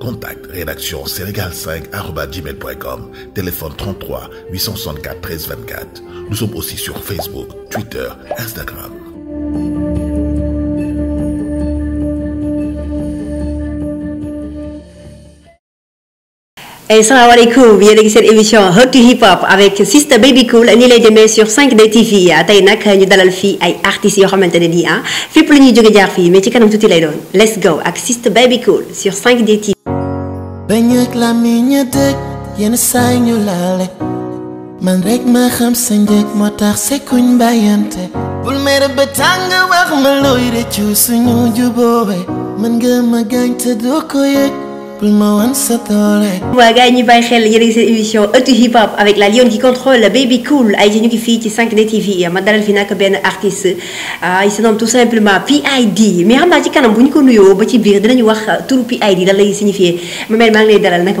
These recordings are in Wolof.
Contact rédaction sénégal 5gmailcom téléphone 33 864 13 24. Nous sommes aussi sur Facebook, Twitter, Instagram. et salam alaikum, bienvenue a cette émission émission to Hip Hop avec Sister Baby Cool nii lay demee sur 5D TV ah, tey nag ñu dalal fii ay artistes yoo xamante ne nii ah fépp ñuy jóge jaar mais ci kanam tuuti lay doon let's go avec Sister Baby Cool sur 5D TV. Banyak laminya dek yenn saay ñu laale man rek maa sekuñ bayante bul mere ba tàng wax ma looy rëccu suñu juboowe ma te doko ko waa gars yi ñu bàyyi xel yéen a ngi seen émission ëttu hip hop avec la lionne qui contrôle Baby Cool ay ñu ngi fii ci 5D TV euh, ma dalal fi nag benn artiste ah, il se nomme tout simplement PID mais xam ci kanam bu ñu ko nuyoo ba ci biir dinañu wax euh, turu PID lan lay signifier ma mel maa ngi lay dalal naka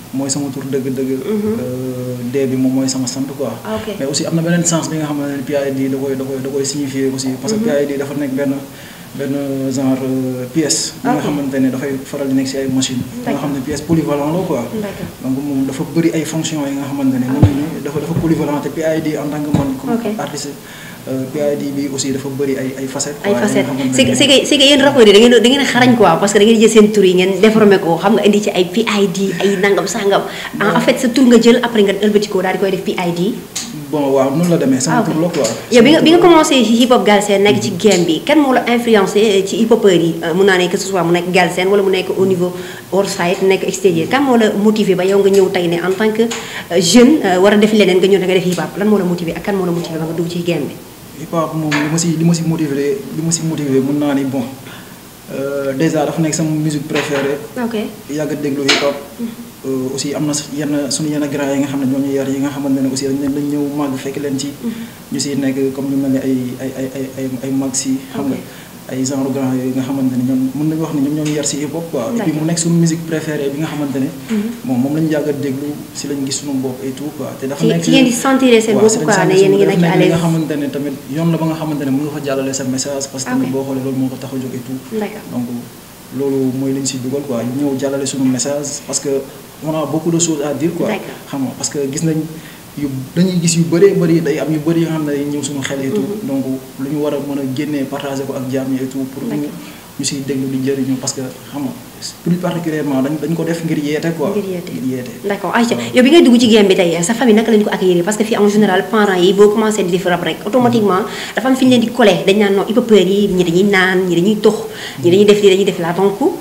mooy sama tour dëgg-dëgg. Mhm. Euh, dee bi moom mooy sama sant quoi. Ah, mais aussi am na beneen sens bi nga xam ne PID da koy da koy da koy signifier aussi. Mhm. parce que PID dafa nekk benn benn genre euh, pièce. bi nga ah, xamante ne dafay faral di nekk si ay machine nga xam ne pièce polyvalent la quoi. donc moom dafa bëri ay fonctions yi nga xamante ne. dafa dafa polyvalent te PID en tant man. comme artiste. Euh, PID bi aussi dafa bëri ay ay ay facettes c'est que c'est que yi da ngeen da ngeen xarañ parce que da ngeen jël seen tur ngeen déformé ko xam nga indi ci ay PID ay nangam sangam. Ah, en fait sa tur nga jël après nga ëlbati daal di koy def PID. bon waaw noonu la demee. sama ah, tur la quoi. yow bi nga bi nga commencé hip hop Galsen nekk ci mm-hmm. game bi kan moo la influencé ci hip hopeurs yi euh, mun naa ne que ce soit mu nekk Galsen wala mu nekk en tant que euh, jeune war a def leneen hip hop moom li ma si li ma si motivé li ma si motivé mën naa ni bon euh, déjà dafa nekk sama musique préférée. ok yàgg a déglu hip hop. Mm-hmm. Euh, aussi am na yenn suñu yenn grand yi nga xam ne ñoo ñu yar yi nga xamante ne aussi dañ leen dañ ñëw màgg fekk leen ci. Mm-hmm. ñu siy nekk comme ñu mel ni ay ay ay ay ay mag si xam nga. ay genre grand yooyu nga xamante ne ñoom mën nañu wax ne ñoom ñoo ñu yar si hip hop mu nekk suñu musique préférée bi nga xamante ne. Mm-hmm. lañu a si ne yéen sa message. parce que tamit moo ko tax a jóg et tout. donc loolu dugal quoi ñëw jàllale suñu message parce que on a beaucoup de choses à dire parce que gis nañ yu dañuy gis yu bëree bëri day am yu bëri yoo xam ne ñëw suñu xel et tout mm-hmm. donc lu ñu war a mën a génnee partager ko ak jaam yi et pour ñu ñu déglu di jëriñu parce que xam nga plus particulièrement dañ dañ ko def ngir yeete quoi. ngir yeete ngir yeete. d' accord ayca bi ngay dugg ci game bi tey sa famille naka lañ ko accueillir parce que fii en général parents yi boo commencé di def rap rek automatiquement mm-hmm. dafa am fi ñu leen di collé dañ naan non hip-hopeurs yi ñi dañuy naan ñi dañuy tox ñi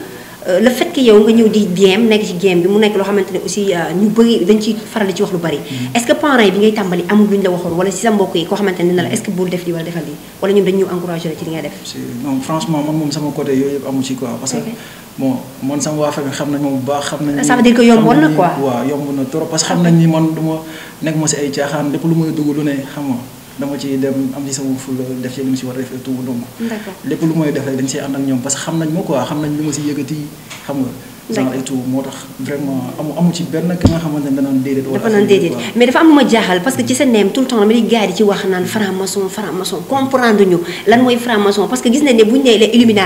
Euh, le fait que yow nga ñëw di game nekk ci game bi mu nekk loo xamante ne aussi euh, ñu bëri dañ ci faral di ci wax lu bëri mm-hmm. est-ce que parents yi bi ngay tàmbali amul lu ñu la waxoon wala si sa mbokk yi koo xamante ne na la est-ce def lii wala defal lii wala ñun dañ ñu encouragé ci li ngay def franchement moom sama côté yooyu yëpp amu ci quoi parce que bon man sama waa famille xam nañ ma bu baax xam nañ ça veut dire que yomb na quoi waaw yomb na trop parce que xam nañ ni man du ma nekk ma si dama ci dem am ci sama ful def ci lim ci war def tout donc lepp lu moy def rek dañ ci and ak ñom parce que xam nañ mo quoi xam nañ lu ma ci yëkëti xam nga moo tax amu amu ci benn ki nga xamante ne da naan déedéet. dafa naan déedéet mais dafa am lu ma jaaxal parce que ci sa neem tout le temps mi mooy franc parce que gis nañ ne bu ñu nee les mm. yi mm.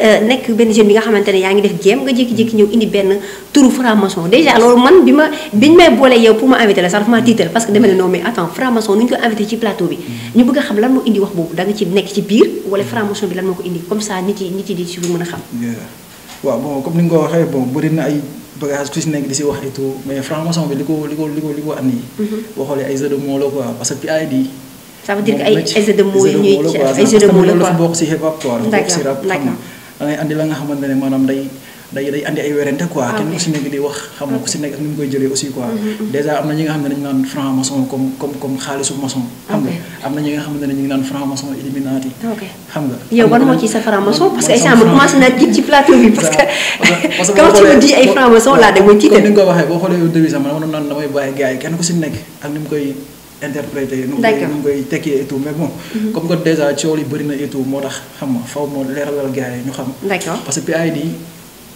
euh, nga xamante ne yaa ngi def jéem nga jékki-jékki ñëw indi benn turu franc déjà loolu man bi ma bi ñu may boole yow pour ma invité la sax dafa maa tiital parce que dama ne non mais attends franc nu ñu ko invité ci plateau bi. Mm. ñu bëgg a xam lan ci lu mën a xam. waaw bon comme ni nga waxee bon bëri na ay bagage ku si nekk di si wax et mais franc bi li ko li ko li ko li ko andi. Mhm. boo xoolee ay jeux de mots la quoi parce que PID. ça veut dire que ay ay jeux de mots yi ñuy ay si hip hop quoi bokk si rap xam nga da la nga xamante ne maanaam day. day day andi ay werante quoi ah, kenn ku si nekk di wax xam nga ku si nekk ni mu koy jëlee aussi quoi mm-hmm, mm-hmm. déjà am na ñi nga xam ne dañu naan franc maçon comme comme comme xaalisu maçon xam nga am na ñi nga xam ne ñu ngi naan franc maçon illuminati xam nga yow ban moo ci sa franc maçon parce que exemple commencé naa jig ci plateau bi parce que quand tu me dis ay franc maçon laa damay tiital ni nga ko waxee boo xoolee yow début sax man mënoon naan damay bàyyi gars yi kenn ku si nekk ak ni mu koy interprété nu koy nu koy tekkee et tout mais bon mm-hmm. comme que déjà coow li bëri na et tout moo tax xam nga faw moo leeralal gars yi ñu xam parce que PID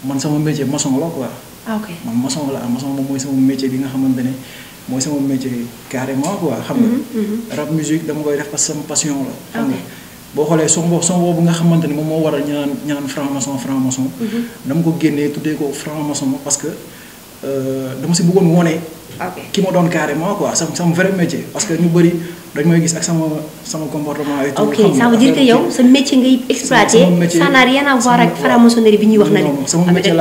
man sama métier maçon la quoi. ah ok man maçon la maçon moom mooy sama métier bi nga xamante ne mooy sama métier carrément quoi. xam nga mm-hmm, mm-hmm. rap musique dama koy def parce que sama passion la. boo xoolee son boobu son nga xamante ne moom moo waral ñu naan ñu naan franc mm-hmm. dama ko génnee tuddee ko franc maçon parce que euh, dama si bëggoon wone. ki ma doon carrément quoi sama sama vrai métier parce que ñu bëri. dañ mooy gis ak sama sama comportement. ay ok ça veut dire que yow sa métier ngay exploité. ça n'a rien ak franc-maçonnerie bi ñuy wax na non sama métier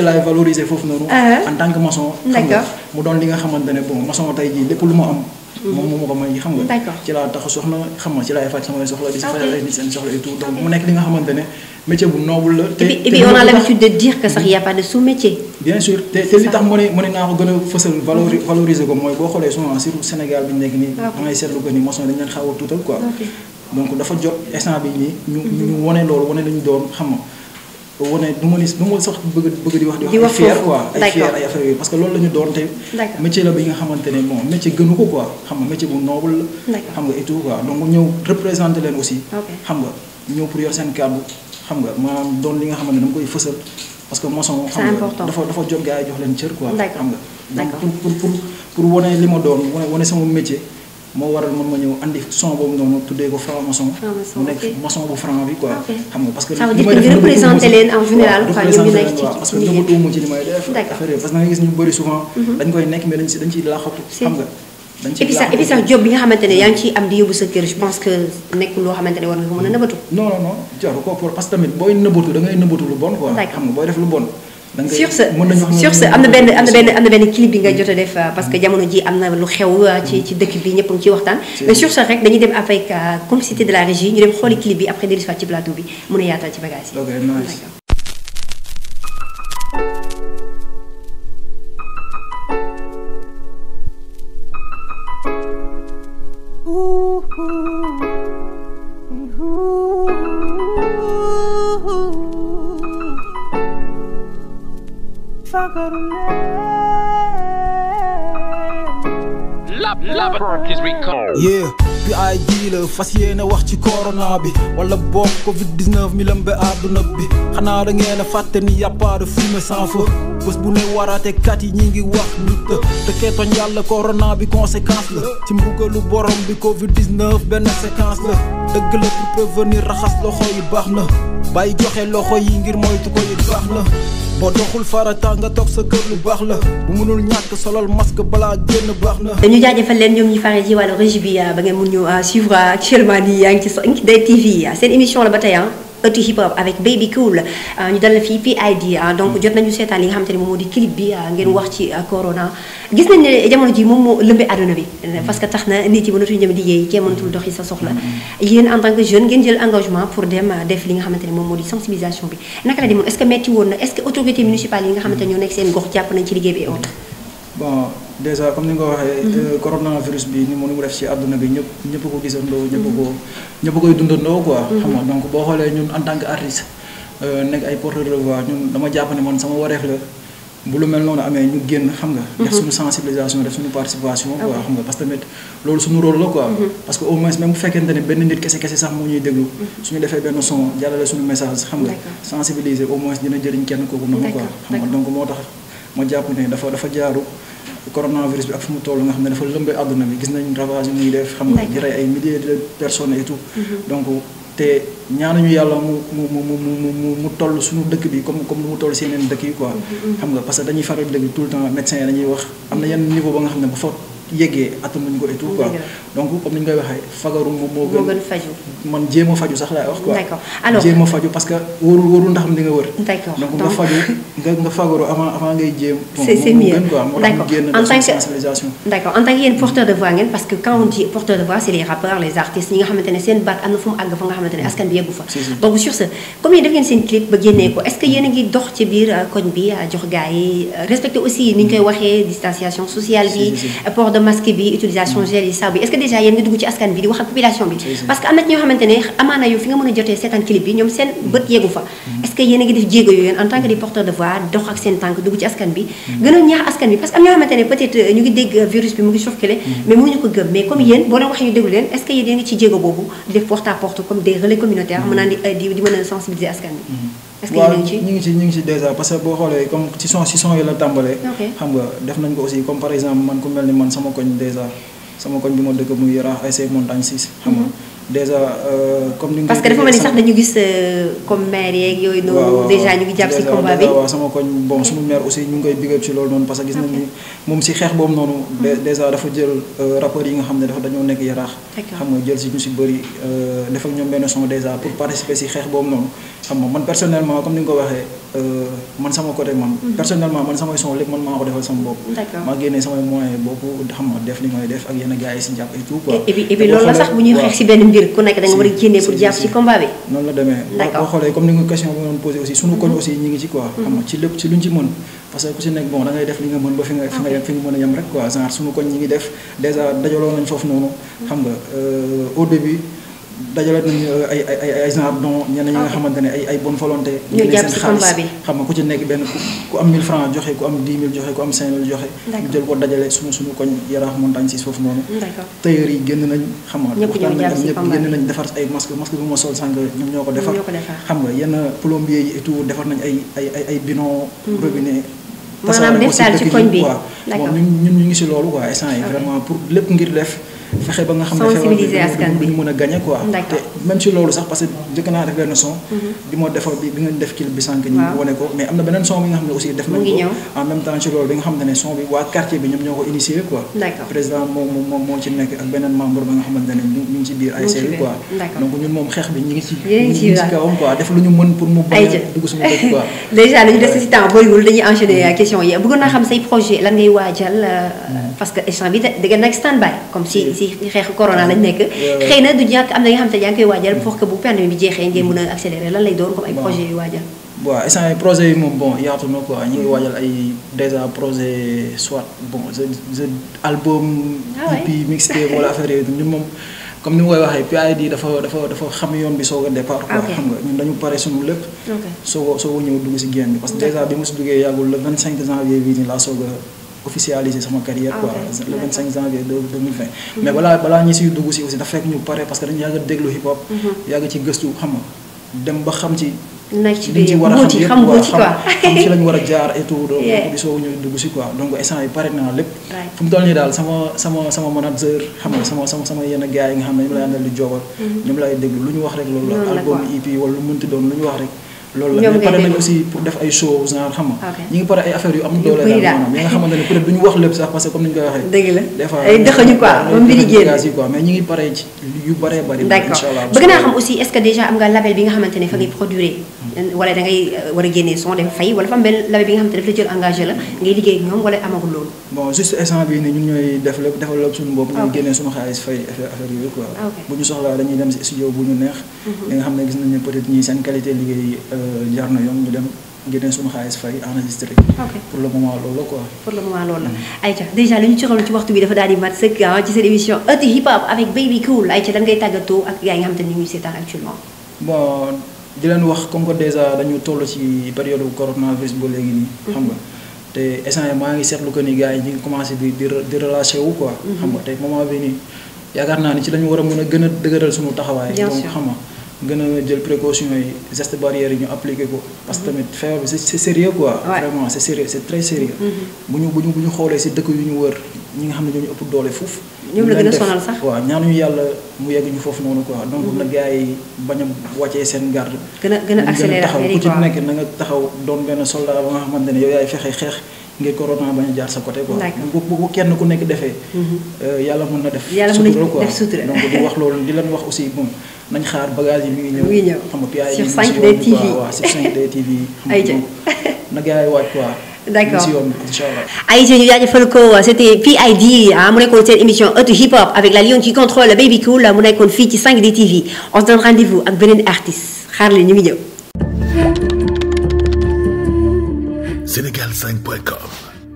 la valoriser foofu noonu. Ah. en tant que maçon. d'accord mu doon li nga xamante ne bon maçon tey jii lépp lu ma am. Mhm. moom moo ma ko may xam nga. ci laa tax soxna xam nga ci laay faj sama soxla di si fajal ay seen soxla et tout donc mu nekk li nga xamante ne métier bu noble la. te et puis on a l'habitude de dire sax mhm. y a pas bien sûr te te li tax ma ne ma ne naa ko gën a fësal mhm. valoriser ko mooy boo xoolee souvent surtout Sénégal bi nekk nii. da seetlu ko ni mosoon dañu leen xaw a tuutal quoi. dafa jot instant bi nii. ñu ñu wane loolu wane lañu doon xam nga wane du ma ni du ma sax bëgg bëgg di wax. di wax fier quoi ay fier ay affaire yooyu parce que loolu la doon tey. métier la bi nga xamante ne bon métier gënu ko quoi xam nga métier bu noble la. xam nga et leen aussi. xam nga ñëw pour yor seen kàddu xam nga maanaam doon li nga xamante ne dama koy fësal. parce que mosoon xam nga dafa dafa jot gars jox leen cër quoi. xam nga pour pour pour wane li ma doon wane sama métier. moo waral man ma ñëw andi son boobu noonu tuddee ko franc-maçon. mu nekk maçon bu franc bi quoi. Ah, xam nga parce que. li gis ñu bëri souvent. Mhm. dañ koy nekk mais dañ si laaxatu. xam nga dañ ciy laaxatu et bi nga xamante yaa ngi ciy am di yóbbu sa kër je pense que nekkul loo xamante war nga ko mën a nëbatu. non non non jaru ko parce que tamit booy nëbatu da ngay lu bon quoi. xam nga booy def lu bon sur ce sur ce am ben benn ben na benn am na benn clip bi nga mm. jot def euh, parce que mm. jamono ji am na lu xew euh, ci ci dëkk bi ñëpp ngi ciy waxtaan mais sur ce rek dañuy dem avec euh, complicité de la régie ñu dem xooli clip bi après dellusiwaat ci plateau bi mun a yaatal ci bagage lab lab is recalled. la fas yéene wax ci corona bi wala boog Covid 19 mi lëmbe àdduna bi xanaa da ngeen a fàtte ni y a pas de fumée sans bu ne waraate kat yi ñi ngi wax nit te keetoñ yàlla corona bi conséquence la ci mbugalu borom bi Covid 19 benn séquence la dëgg la pour prévenir raxas loxo yi baax na. bay joxe loxo yi ngir moytu ko yu bax la bo doxul farata nga tok sa keur lu bax la bu mënul ñak solol masque bala genn bax na dañu jajeufal len ñom ñi faré ji walu régie bi ya, ba ngeen mu ñu ah, suivre actuellement ni yaangi ah, ci day tv ya. seen émission la batay hein ëtti hip hop avec Baby Cool euh, ñu dalal fii fii ID ah, donc mm. jot nañu seetaan li nga xamante ne moom moo clip bi ah, ngeen mm. wax ci ah, corona gis nañ ne jamono ji mom moo lëmbee àdduna bi eh, mm. parce que taxna na nit yi mënatuñu di liggéey ké mënatul dox yi sa soxla yeen en tant que jeune ngeen jël engagement pour dem def li nga xamante ne moom moo sensibilisation bi naka la demoon est-ce que metti won na est-ce que autorité municipale yi nga xamante ne ñoo nekk seen gox japp nañ ci liggéey bi et autres bon dèjà eh, mhm. comme ni nga waxee coronavirus bi ni lah. mhm. ah, mu ah. mhm. ni mu def ci àdduna bi ñëpp ñëpp ko gisandoo ñëpp ko ñëpp koy dundandoo quoi xam nga donc boo xoolee ñun en tant que artiste nekk ay porteur de voix ñun dama jàpp ne man sama wareef la bu lu mel noonu amee ñu génn xam nga def suñu sensibilisation def suñu participation quoi xam nga parce que tamit loolu suñu rôle la quoi parce que au moins même bu fekkente ne nit kese kese sax moo ñuy déglu suñu defee benn son jàllale suñu message xam nga sensibiliser au moins dina jëriñ kenn kooku noonu quoi xam nga donc moo tax ma jàpp dafa dafa jaaru coronavirus bi ak fu mu toll nga xam ne dafa lëmbee àdduna bi gis nañ ravage muy def xam nga di rey ay milliers de personnes et tout mhm. donc te ñaanuñu yàlla mu mu mu mu mu toll suñu dëkk bi comme comme lu mu toll seen dëkk yi quoi mhm, mhm. xam nga parce dañuy faral di tout le temps médecins yi dañuy wax am na yenn niveau ba nga xam ne ba fa yeggee atamuñ ko et tout quoi donc comme ni ñu koy waxee mo mo moo gën man jéem a faju sax laay wax quoi d'accord alors jéem a faju parce que wóorul wóorul ndax ni nga wër donc nga faju nga nga fagaru avant avant ngay jéem c'est mieux quoi moo en tant que sensibilisation d'accord en tant que yéen porteur de voix ngène parce que quand on dit porteur de voix c'est les rappeurs les artistes ñi nga xamantene ne seen baat am na fu mu àgg fa nga xamantene mm. askan bi yeggu fa donc sur ce comme yéen def ngeen seen clip ba génnee ko est-ce que yéen ngi dox ci biir euh, koñ bi euh, jox gars yi euh, respecter aussi ni ñu koy mm. waxee distanciation sociale bi de masque bi utilisation gel yi saw bi est-ce que déjà yéen dugg ci askan bi di wax ak population bi parce que amna na ci ñoo xamante ne amaana fi nga mëna jotté jotee clip bi ñom sen bëtt yeggu fa mm-hmm. est-ce que yéen nga def def yu yeen en tant que des porteurs de voix dox ak sen tank dugg ci askan bi gën a ñaax askan bi parce que am ñoo xamante peut-être euh, ñu ngi dégg euh, virus bi mu ngi circulé mm-hmm. mais mu ñu ko gëm mais comme yeen boo leen waxee ñu déglu leen est-ce que yéen nga ci jéego bobu di def porte à porte comme des relais communautaires mm-hmm. mëna euh, di di mëna sensibiliser askan bi est-ce que ñu ngi ci ñu ngi ci déjà parce que boo xoolee comme ci son ci son yi la tàmbalee. xam nga def nañ ko aussi comme par exemple man ku mel ni man sama koñ déjà sama koñ bi ma dëkk muy Yaraax ay say montagne siis xam nga mhm. déjà euh, comme ni nga. parce que dafa mel ni sax dañu gis euh, comme maire yeeg yooyu. noonu déjà ñu ngi jàpp si combat bi waaw sama koñ bon suma maire aussi ñu ngi koy bigal loolu noonu parce que gis hmm. euh, ne dafa dañoo si xeex boobu noonu. xam nga man personnellement comme ni nga ko waxee man sama côté man. Hmm. personnellement man samay son lépp man maa ko defal sama bopp. maa génnee samay moyens bopp xam nga def li may def ak yenn gars yi si jàpp loolu la sax bu ñuy xeex si benn mbir mbir ku nekk da nga génne pour jàpp ci combat bi. noonu la demee boo xoolee comme ni nga question bi doon posé aussi sunu koñ aussi ñi ngi ci quoi mm-hmm. xam nga ci lépp ci luñ ci mën parce ku ci nekk bon da def li nga mën ba fi nga fi nga yem fi nga mën a yem rek quoi genre sunu koñ ñi ngi def déjà dajaloo nañ foofu noonu xam nga euh, au début dajale nañu euh, ay ay ay genre don ñenn ñi nga ah. xamante ne ay ay bonne volonté. ñu jàpp si xam nga ku ci nekk benn ku am 1000 francs joxe ku am 10 000 joxe ku am 5000 joxe. ko dajale suñu suñu koñ yaraax montagne si foofu noonu. tailleur yi nañ. xam nga waxtaan nañ ak ñëpp génn ay masque masque bi ma sol sànq ñoom ñoo ko defar. xam nga yenn plombier yi et tout defar nañ mhm. ñun ñu ngi si loolu quoi instant yi vraiment pour lépp ngir def fexe ba nga xam ne sensibiliser askan bi mën a gagné quoi te même si loolu sax parce que njëkk naa def benn son mhm. bi moo defar bi bi nga def clip bi sànq ni wane ko mais am na beneen son bi nga xam ne aussi def nañ ko en même temps ci loolu bi nga xam ne son bi waa quartier bi ñoom ñoo ko initié quoi président moom moom moo ci nekk ak beneen membre ba nga xamante ne ñu ngi ci biir ay série quoi donc ñun moom xeex bi ñu ngi ci ñu ngi ci kawam quoi def lu ñu mën pour mu bañ a dugg suñu dëkk quoi déjà dañu des si temps bëriwul dañuy enchaîner mhm. question yi bëggoon naa xam mhm. say projet lan ngay waajal euh, parce que échange bi da ngeen nag stand by comme si si xeex corona lañ nekk xëy na du ñàkk am na nga xam te yaa ngi koy waajal pour que bu pandémie bi jeexee ngeen mën a mm. accélérer lan lay doon comme ay projet yu moom bon yaatu na ko ñu ngi waajal ay déjà projet soit bon je je album. Ah EP mixtape wala affaire yooyu ñun moom comme ni ma koy waxee PID dafa dafa dafa xam yoon bi soo a départ. quoi xam nga ñun dañu pare suñu lépp. ok soog a soog a ñëw dugg si génn bi parce que déjà bi mu si duggee yàggul le 25 janvier bii nii laa soog a. officialiser sama carrière ah, quoi le 25 janvier 2020 mhm. mais balaa balaa ñi siy dugg si aussi dafa fekk ñu pare parce que dañu yàgg a déglu hip hop mhm. yàgg ci gëstu xam nga dem ba xam ci liñ ci war a xam yëpp quoi xam ci lañ war a jaar et tout donc bi soo dugg si quoi donc instant yi pare naa lépp fu mu nii daal sama sama sama manager xam nga sama sama sama yenn gars yi nga xam ne ñoom lay àndal mhm. lu ñu wax rek loolu la album EP wala lu mënti doon lu ñu wax rek loolu la ñu pare nañ aussi pour def ay show genre xam nga. ngi pare ay affaire yu am doole daal maanaam nga xamante ne peut du ñu wax lépp sax parce comme ni ñu koy waxee. dëgg la des fois ay dëxuñu quoi ba mbiri génn quoi mais ñu ngi pare ci yu bëree bëri. incha bëgg naa xam aussi est déjà am nga label bi nga xamante fa ngay produire wala da euh, war a génnee son dem fay wala fa am benn bi nga xam te daf la jël engagé la ngay liggéey ñoom wala amagul loolu. bon juste instant bii nii ñun ñooy def lépp defal lépp suñu bopp. suñu xaalis fay affaire yooyu quoi. bu ñu soxlaa dañuy dem si studio bu ñu neex. Mhm. li xam ne gis nañu ne peut seen qualité liggéey euh, jar yoon ñu dem. génne suñu xaalis fay enregistré. pour le moment loolu la quoi. pour le mhm. li ñu cooxaloon ci waxtu bi dafa daal mat sëkk ah, di leen wax comme que dèjà dañu toll ci période coronavirus ba léegi nii. Mhm. xam nga te instant maa ngi seetlu que ni gars yi ñu ngi commencé di di di wu quoi. Mhm. xam nga te moment bi nii yaakaar naa ni ci la war a mën a gën a dëgëral suñu taxawaay. donc xam nga gën a jël précaution yi geste barrière yi ñu appliqué ko. parce que mhm. tamit feebar bi c' est sérieux quoi. vraiment c' très sérieux. bu ñu bu ñu xoolee si dëkk yu ñu wër ñi nga xam ne dañu ëpp doole fuuf. ñoom la gën a sonal sax waaw ñaanuñu yàlla mu yegg ñu foofu noonu quoi. donc na mhm. gars yi bañ a wàccee seen garde. gën a gën a accéléré taxaw ku ci nekk na nga taxaw doon benn soldat ba nga xamante ne yow yaay fexe xeex ngir corona bañ a jaar sa côté quoi. bu bu kenn ku nekk defee. Mhm. Euh, yàlla mën na def. sutura quoi donc di wax loolu di leen wax aussi bon nañ xaar bagage yi mi ngi ñëw. xam nga PIA yi ñu ngi si woon quoi waaw sur 5D TV. ay na gars yi waaj quoi D'accord. Aïe, c'est c'était PID, à mon émission Auto Hip Hop avec la lion qui contrôle Baby Cool, à mon fille qui 5D TV. On se donne rendez-vous avec Benin Artis. Harley Numidio. Sénégal5.com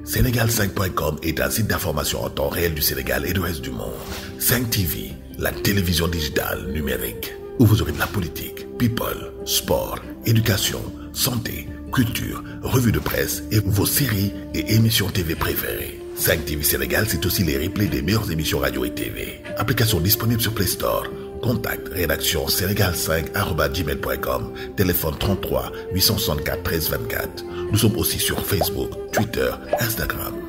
Sénégal5.com est un site d'information en temps réel du Sénégal et de l'Ouest du monde. 5 TV, la télévision digitale numérique, où vous aurez de la politique, people, sport, éducation, santé, culture, revues de presse et vos séries et émissions TV préférées. 5 TV Sénégal, c'est aussi les replays des meilleures émissions radio et TV. Application disponible sur Play Store. Contact rédaction sénégal @gmail.com. téléphone 33 864 13 24. Nous sommes aussi sur Facebook, Twitter, Instagram.